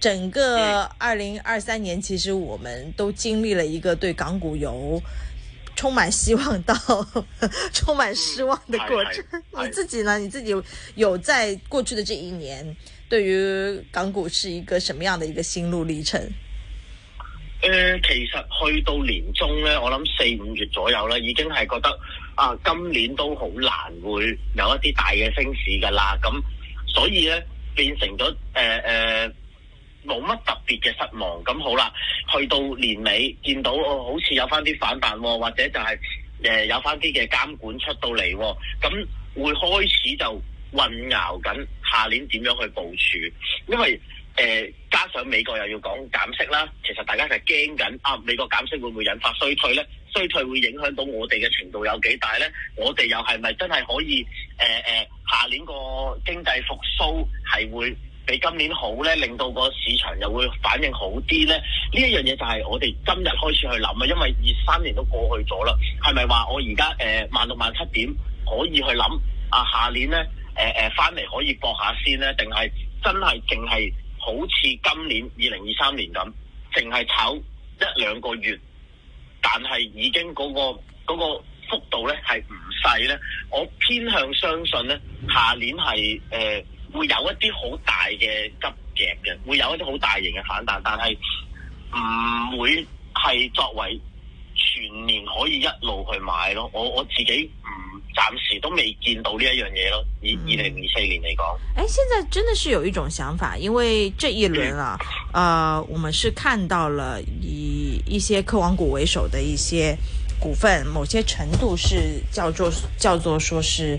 整個二零二三年，其實我們都經歷了一個對港股由充滿希望到 充滿失望的過程。你自己呢？你自己有在過去的這一年，對於港股是一個什麼樣的一個心路歷程？誒、呃，其實去到年中咧，我諗四五月左右咧，已經係覺得啊，今年都好難會有一啲大嘅升市噶啦。咁所以咧，變成咗誒誒。呃呃冇乜特別嘅失望，咁好啦。去到年尾，見到哦，好似有翻啲反彈喎、哦，或者就係、是、誒、呃、有翻啲嘅監管出到嚟喎，咁、哦、會開始就混淆緊下年點樣去部署。因為誒、呃、加上美國又要講減息啦，其實大家就係驚緊啊，美國減息會唔會引發衰退咧？衰退會影響到我哋嘅程度有幾大咧？我哋又係咪真係可以誒誒、呃呃、下年個經濟復甦係會？你今年好咧，令到個市場又會反應好啲咧。呢一樣嘢就係我哋今日開始去諗啊，因為二三年都過去咗啦。係咪話我而家誒萬六萬七點可以去諗啊？下年咧誒誒翻嚟可以搏下先咧，定係真係淨係好似今年二零二三年咁，淨係炒一兩個月，但係已經嗰個嗰個幅度咧係唔細咧。我偏向相信咧，下年係誒會有一啲好大嘅急劇嘅，會有一啲好大型嘅反彈，但係唔會係作為全年可以一路去買咯。我我自己唔暫時都未見到呢一樣嘢咯。以二零二四年嚟講，誒、嗯，現在真的是有一種想法，因為這一輪啊，嗯、呃，我們是看到了以一些科網股為首的一些股份，某些程度是叫做叫做，說是。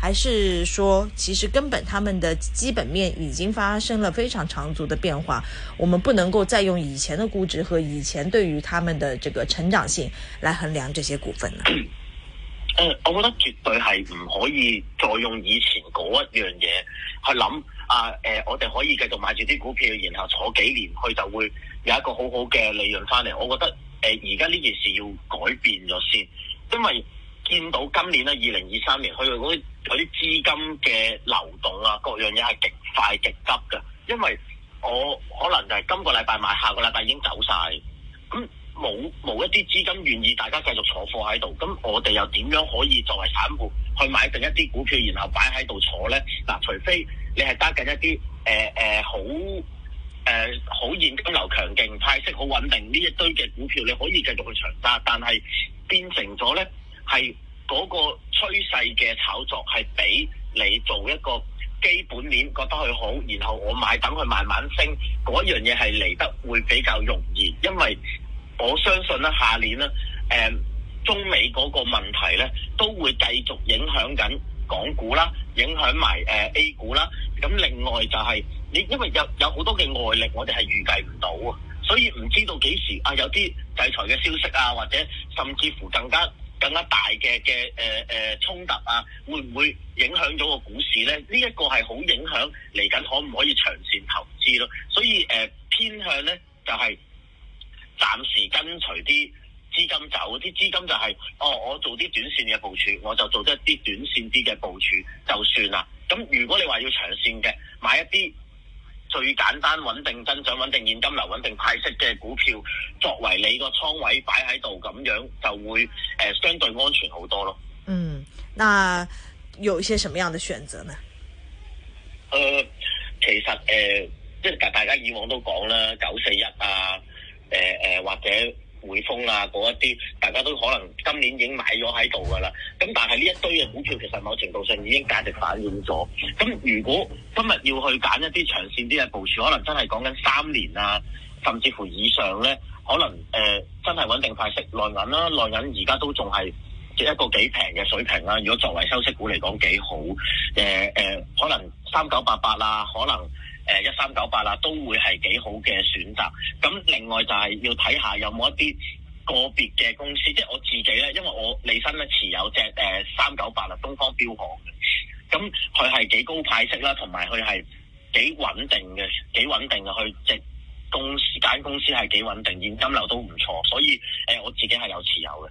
還是說，其實根本他們的基本面已經發生了非常長足的變化，我們不能夠再用以前的估值和以前對於他們的這個成長性來衡量這些股份呢、呃、我覺得絕對係唔可以再用以前嗰一樣嘢去諗啊！誒、呃，我哋可以繼續買住啲股票，然後坐幾年去，佢就會有一個好好嘅利潤翻嚟。我覺得誒，而家呢件事要改變咗先，因為。見到今年啦，二零二三年佢嗰啲嗰啲資金嘅流動啊，各樣嘢係極快極急嘅，因為我可能就係今個禮拜買，下個禮拜已經走晒。咁冇冇一啲資金願意大家繼續坐貨喺度，咁我哋又點樣可以作為散戶去買定一啲股票，然後擺喺度坐咧？嗱，除非你係加緊一啲誒誒好誒好現金流強勁、派息好穩定呢一堆嘅股票，你可以繼續去長揸，但係變成咗咧。係嗰個趨勢嘅炒作係俾你做一個基本面覺得佢好，然後我買等佢慢慢升嗰樣嘢係嚟得會比較容易，因為我相信咧下年咧、嗯、中美嗰個問題咧都會繼續影響緊港股啦，影響埋、呃、A 股啦。咁另外就係、是、你因為有有好多嘅外力，我哋係預計唔到啊，所以唔知道幾時啊有啲制裁嘅消息啊，或者甚至乎更加。更加大嘅嘅誒誒衝突啊，會唔會影響咗個股市咧？呢一個係好影響嚟緊可唔可以長線投資咯。所以誒偏向咧就係暫時跟隨啲資金走，啲資金就係哦，我做啲短線嘅部署，我就做咗一啲短線啲嘅部署就算啦。咁如果你話要長線嘅，買一啲。最簡單穩定增長、穩定現金流、穩定派息嘅股票，作為你個倉位擺喺度咁樣，就會誒、呃、相對安全好多咯。嗯，那有一些什麼樣的選擇呢？誒、呃，其實誒，即、呃、係大家以往都講啦，九四一啊，誒、呃、誒、呃、或者。匯豐啊，嗰一啲大家都可能今年已經買咗喺度㗎喇，咁但係呢一堆嘅股票其實某程度上已經價值反映咗。咁如果今日要去揀一啲長線啲嘅部署，可能真係講緊三年啊，甚至乎以上咧，可能誒、呃、真係穩定快息內銀啦、啊，內銀而家都仲係一個幾平嘅水平啦、啊。如果作為收息股嚟講幾好，誒、呃呃、可能三九八八啦可能。誒、呃、一三九八啦，都會係幾好嘅選擇。咁另外就係要睇下有冇一啲個別嘅公司，即係我自己咧，因為我離身咧持有隻誒、呃、三九八啦，東方表行嘅。咁佢係幾高派息啦，同埋佢係幾穩定嘅，幾穩定嘅佢即公司間公司係幾穩定，現金流都唔錯，所以、呃、我自己係有持有嘅。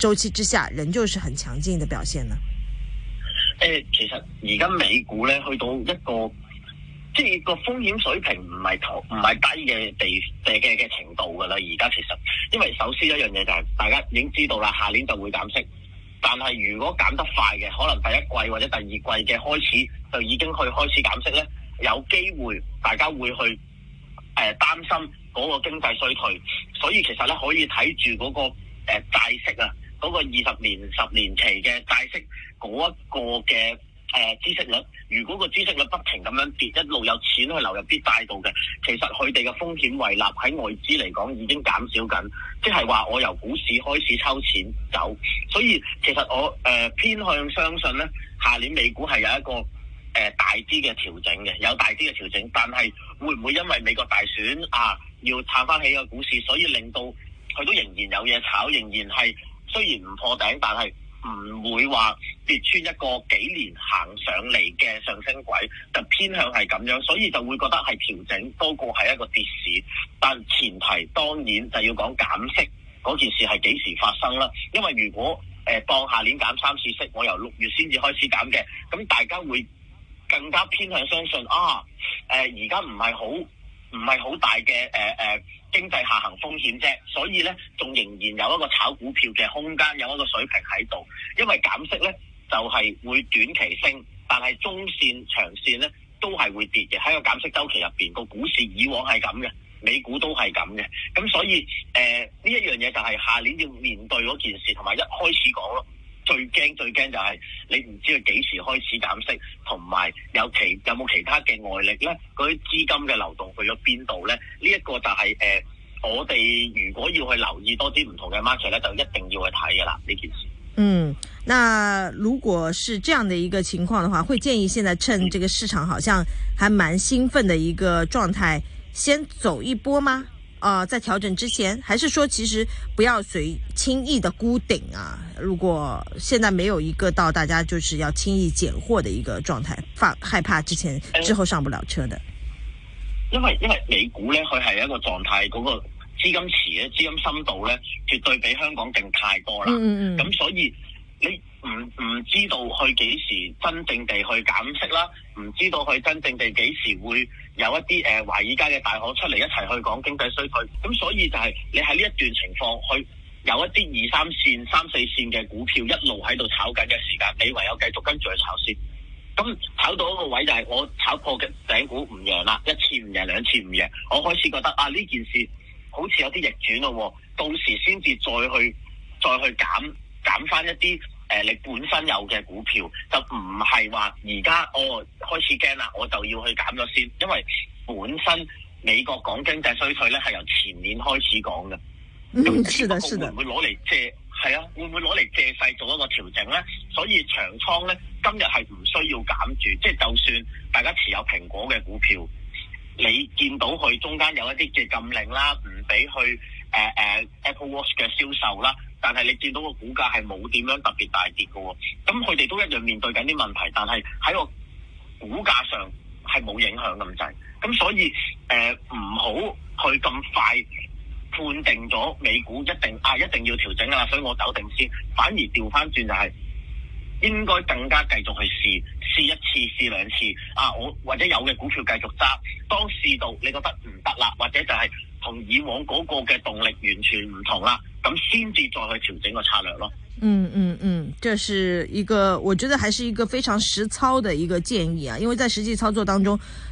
周期之下，仍舊是很強勁的表現呢、呃。其實而家美股咧去到一個即係個風險水平唔係唔係低嘅地嘅嘅程度噶啦。而家其實因為首先一樣嘢就係、是、大家已經知道啦，下年就會減息。但係如果減得快嘅，可能第一季或者第二季嘅開始就已經去開始減息咧，有機會大家會去誒、呃、擔心嗰個經濟衰退。所以其實咧可以睇住嗰個誒、呃、債息啊。嗰個二十年十年期嘅債息嗰一、那個嘅誒、呃、孳息率，如果個孳息率不停咁樣跌，一路有錢去流入啲債度嘅，其實佢哋嘅風險胃納喺外資嚟講已經減少緊，即係話我由股市開始抽錢走，所以其實我誒、呃、偏向相信呢，下年美股係有一個誒、呃、大啲嘅調整嘅，有大啲嘅調整，但係會唔會因為美國大選啊要撐翻起個股市，所以令到佢都仍然有嘢炒，仍然係。雖然唔破頂，但係唔會話跌穿一個幾年行上嚟嘅上升軌，就偏向係咁樣，所以就會覺得係調整多過係一個跌市。但前提當然就要講減息嗰件事係幾時發生啦。因為如果誒、呃、當下年減三次息，我由六月先至開始減嘅，咁大家會更加偏向相信啊。誒、而家唔係好。唔係好大嘅誒誒，經濟下行風險啫，所以咧仲仍然有一個炒股票嘅空間，有一個水平喺度。因為減息咧就係會短期升，但係中線、長線咧都係會跌嘅。喺個減息周期入邊，個股市以往係咁嘅，美股都係咁嘅。咁所以誒呢一樣嘢就係下年要面對嗰件事，同埋一開始講咯。最驚最驚就係你唔知佢幾時開始減息，同埋有其有冇其他嘅外力呢？嗰啲資金嘅流動去咗邊度呢？呢一個就係誒，我哋如果要去留意多啲唔同嘅 market 呢就一定要去睇嘅啦，呢件事。嗯，那如果是這樣的一個情況的話，會建議現在趁這個市場好像還蠻興奮的一個狀態，先走一波嗎？呃，在調整之前，還是說其實不要隨輕易的估頂啊？如果現在沒有一個到大家就是要輕易揀貨的一個狀態，發害怕之前、嗯、之後上不了車的。因為因為美股呢，佢係一個狀態，嗰、那個資金池咧、資金深度呢，絕對比香港定太多啦。嗯嗯。咁所以你唔唔知道去幾時真正地去減息啦，唔知道去真正地幾時會有一啲誒華爾街嘅大行出嚟一齊去講經濟衰退，咁所以就係你喺呢一段情況去有一啲二三線、三四線嘅股票一路喺度炒緊嘅時間，你唯有繼續跟住去炒先。咁炒到一個位置就係我炒破嘅頂股唔贏啦，一次唔贏，兩次唔贏，我開始覺得啊呢件事好似有啲逆轉咯，到時先至再去再去減減翻一啲。誒、呃，你本身有嘅股票就唔係話而家哦開始驚啦，我就要去減咗先，因為本身美國講經濟衰退咧，係由前年開始講嘅。咁政府會唔會攞嚟借？係啊，會唔會攞嚟借勢做一個調整咧？所以長倉咧，今日係唔需要減住，即、就、係、是、就算大家持有蘋果嘅股票，你見到佢中間有一啲嘅禁令啦，唔俾去、呃呃、Apple Watch 嘅銷售啦。但係你見到個股價係冇點樣特別大跌嘅喎，咁佢哋都一樣面對緊啲問題，但係喺個股價上係冇影響咁滯，咁所以誒唔好去咁快判定咗美股一定啊一定要調整啊，所以我走定先，反而調翻轉就係、是、應該更加繼續去試試一次試兩次啊，我或者有嘅股票繼續揸，當試到你覺得唔得啦，或者就係、是。同以往嗰個嘅動力完全唔同啦，咁先至再去調整個策略咯。嗯嗯嗯，這是一個，我覺得還是一個非常實操的一個建議啊，因為在實際操作當中。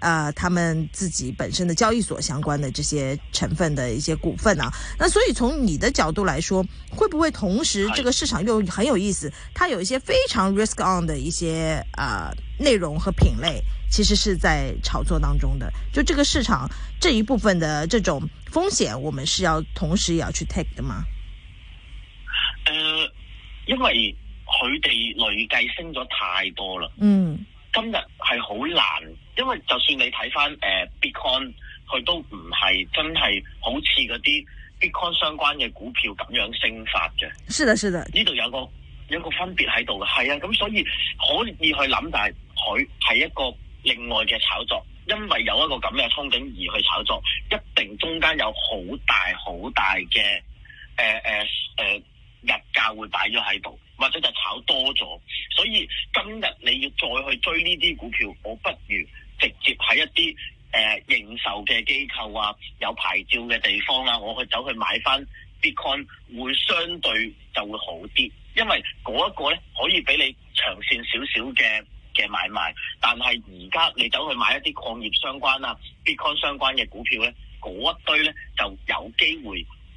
呃，他們自己本身的交易所相關的這些成分的一些股份啊，那所以從你的角度來說，會不會同時這個市場又很有意思？它有一些非常 risk on 的一些呃內容和品類，其實是在炒作當中的。就這個市場這一部分的這種風險，我們是要同時也要去 take 的嗎？呃，因為佢哋累計升咗太多了。嗯。今日係好難，因為就算你睇翻誒 Bitcoin，佢都唔係真係好似嗰啲 Bitcoin 相關嘅股票咁樣升發嘅。是的，是的，呢度有個有個分別喺度嘅，係啊，咁所以可以去諗，但係佢係一個另外嘅炒作，因為有一個咁嘅憧憬而去炒作，一定中間有好大好大嘅誒誒誒入價會擺咗喺度。或者就炒多咗，所以今日你要再去追呢啲股票，我不如直接喺一啲誒、呃、認受嘅機構啊，有牌照嘅地方啦、啊，我去走去買翻 Bitcoin 會相對就會好啲，因為嗰一個咧可以俾你長線少少嘅嘅買賣，但係而家你走去買一啲礦業相關啊 Bitcoin 相關嘅股票咧，嗰一堆咧就有機會。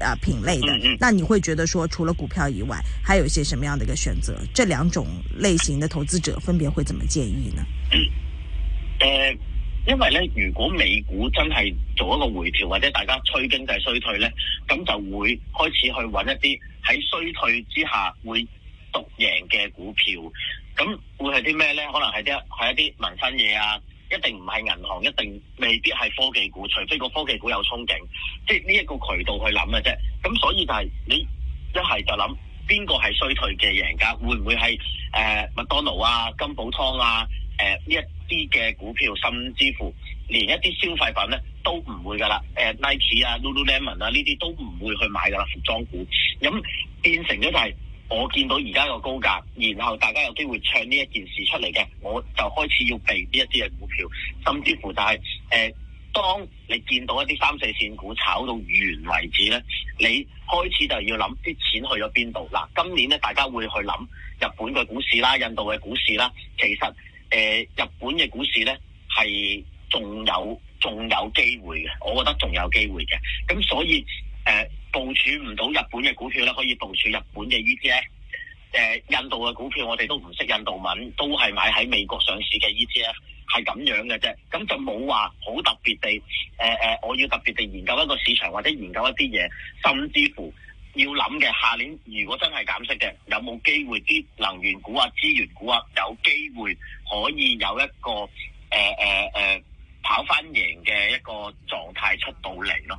啊，品類嘅，那你會覺得說，除了股票以外，還有一些什麼樣的一個選擇？這兩種類型的投資者分別會怎麼建議呢？誒、嗯呃，因為咧，如果美股真係做一個回調，或者大家催經濟衰退咧，咁就會開始去揾一啲喺衰退之下會獨贏嘅股票，咁會係啲咩咧？可能係啲係一啲民生嘢啊。一定唔係銀行，一定未必係科技股，除非個科技股有憧憬，即係呢一個渠道去諗嘅啫。咁所以就係你一係就諗邊個係衰退嘅贏家，會唔會係誒麥當勞啊、金寶湯啊、誒、呃、呢一啲嘅股票，甚至乎連一啲消費品咧都唔會噶啦，誒 Nike 啊、Lululemon 啊呢啲都唔會去買噶啦，服裝股，咁、嗯、變成咗就係、是。我見到而家個高價，然後大家有機會唱呢一件事出嚟嘅，我就開始要避呢一啲嘅股票，甚至乎就係誒，當你見到一啲三四線股炒到完為止咧，你開始就要諗啲錢去咗邊度。嗱，今年咧，大家會去諗日本嘅股市啦、印度嘅股市啦。其實誒，日本嘅股市咧係仲有仲有機會嘅，我覺得仲有機會嘅。咁所以。部署唔到日本嘅股票咧，可以部署日本嘅 ETF。誒、呃，印度嘅股票我哋都唔識印度文，都係買喺美國上市嘅 ETF，係咁樣嘅啫。咁就冇話好特別地，誒、呃呃、我要特別地研究一個市場或者研究一啲嘢，甚至乎要諗嘅。下年如果真係減息嘅，有冇機會啲能源股啊、資源股啊，有機會可以有一個誒誒、呃呃、跑翻贏嘅一個狀態出到嚟咯？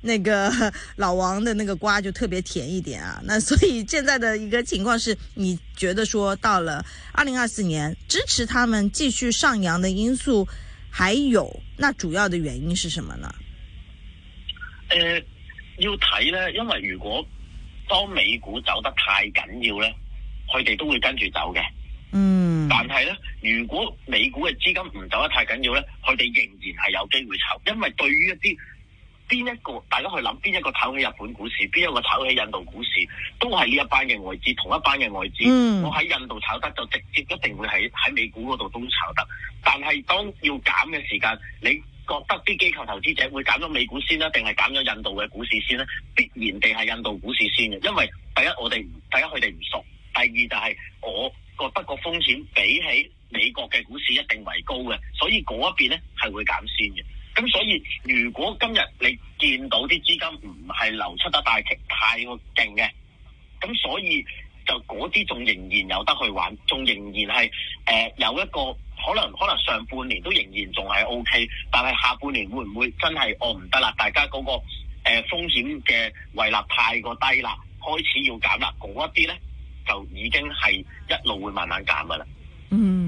那個老王的那個瓜就特別甜一點啊，那所以現在的一個情況是，你覺得說到了二零二四年，支持他們繼續上揚的因素還有，那主要的原因是什麼呢？呃，要睇咧，因為如果當美股走得太緊要咧，佢哋都會跟住走嘅。嗯。但係咧，如果美股嘅資金唔走得太緊要咧，佢哋仍然係有機會炒，因為對於一啲。邊一個，大家去諗，邊一個炒起日本股市，邊一個炒起印度股市，都係呢一班嘅外資，同一班嘅外資。Mm. 我喺印度炒得，就直接一定會喺喺美股嗰度都炒得。但係當要減嘅時間，你覺得啲機構投資者會減咗美股先啦，定係減咗印度嘅股市先咧？必然地係印度股市先嘅，因為第一我哋大家佢哋唔熟，第二就係我覺得個風險比起美國嘅股市一定為高嘅，所以嗰一邊呢係會減先嘅。咁所以，如果今日你見到啲資金唔係流出得大劇，太過勁嘅，咁所以就嗰啲仲仍然有得去玩，仲仍然係誒、呃、有一個可能，可能上半年都仍然仲係 OK，但係下半年會唔會真係哦唔得啦？大家嗰、那個誒、呃、風險嘅位立太過低啦，開始要減啦，嗰一啲咧就已經係一路會慢慢減噶啦。嗯。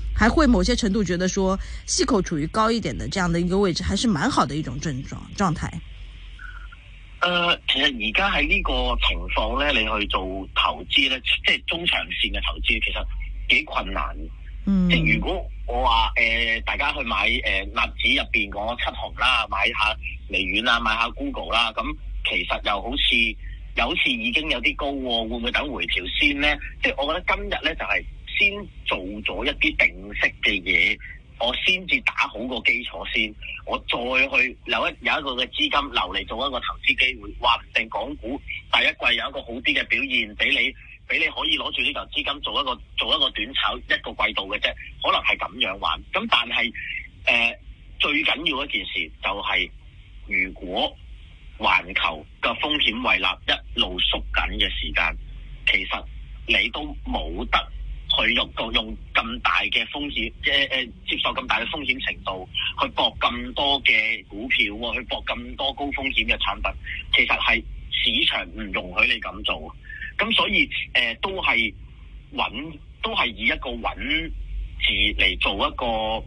還會某些程度覺得說，息口處於高一點的這樣的一個位置，還是蠻好的一種症狀狀態。誒、呃，其實而家喺呢個情況咧，你去做投資咧，即係中長線嘅投資，其實幾困難嗯。即係如果我話誒、呃，大家去買誒、呃、納指入邊嗰七紅啦，買一下微軟啦，買一下 Google 啦，咁、嗯、其實又好似又好似已經有啲高，會唔會等回調先咧？即係我覺得今日咧就係、是。先做咗一啲定息嘅嘢，我先至打好個基礎先，我再去留一有一個嘅資金留嚟做一個投資機會，話唔定港股第一季有一個好啲嘅表現，俾你俾你可以攞住呢嚿資金做一個做一個短炒一個季度嘅啫，可能係咁樣玩。咁但係誒、呃、最緊要的一件事就係、是，如果環球嘅風險胃納一路縮緊嘅時間，其實你都冇得。去用用用咁大嘅風險，呃、接受咁大嘅風險程度，去搏咁多嘅股票喎，去搏咁多高風險嘅產品，其實係市場唔容許你咁做，咁所以誒都係穩，都係以一個穩字嚟做一個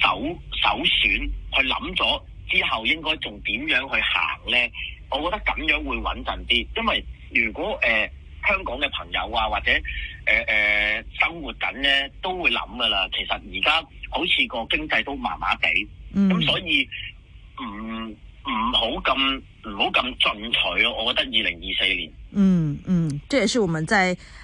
首首選。去諗咗之後，應該仲點樣去行咧？我覺得咁樣會穩陣啲，因為如果誒、呃、香港嘅朋友啊，或者，誒誒，生活緊咧都會諗㗎喇。其實而家好似個經濟都麻麻哋，咁、嗯、所以唔唔好咁唔好咁進取咯。我覺得二零二四年。嗯嗯，即、嗯、也是我們在。